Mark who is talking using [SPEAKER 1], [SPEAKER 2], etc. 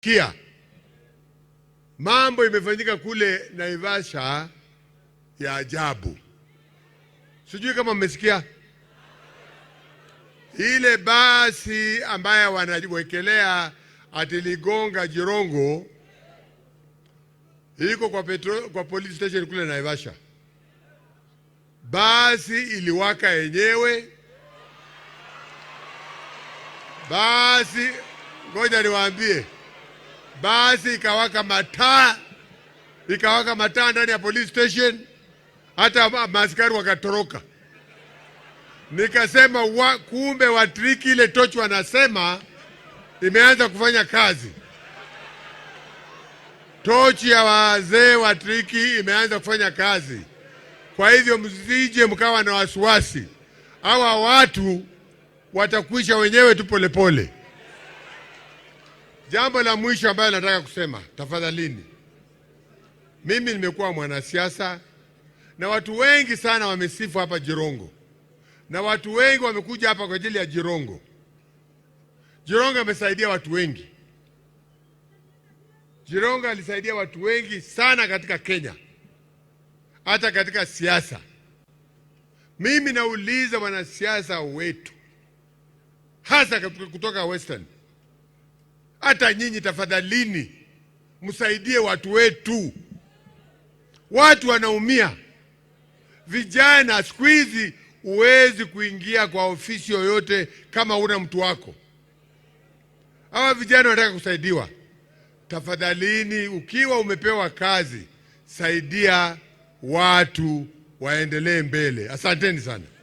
[SPEAKER 1] Kia mambo imefanyika kule Naivasha ya ajabu, sijui kama mmesikia. Ile basi ambayo wanawekelea atiligonga Jirongo iko kwa petro, kwa police station kule Naivasha. Basi iliwaka yenyewe, basi ngoja niwaambie basi ikawaka mataa, ikawaka mataa ndani ya police station, hata maaskari wakatoroka. Nikasema wa, kumbe watriki ile tochi wanasema imeanza kufanya kazi. Tochi ya wazee watriki imeanza kufanya kazi. Kwa hivyo msije mkawa na wasiwasi, hawa watu watakwisha wenyewe tu polepole. Jambo la mwisho ambayo nataka kusema, tafadhalini, mimi nimekuwa mwanasiasa na watu wengi sana wamesifu hapa Jirongo na watu wengi wamekuja hapa kwa ajili ya Jirongo. Jirongo amesaidia watu wengi. Jirongo alisaidia watu wengi sana katika Kenya, hata katika siasa. Mimi nauliza wanasiasa wetu hasa kutoka Western hata nyinyi tafadhalini, msaidie watu wetu, watu wanaumia. Vijana siku hizi huwezi kuingia kwa ofisi yoyote kama una mtu wako. Hawa vijana wanataka kusaidiwa. Tafadhalini, ukiwa umepewa kazi, saidia watu waendelee mbele. Asanteni sana.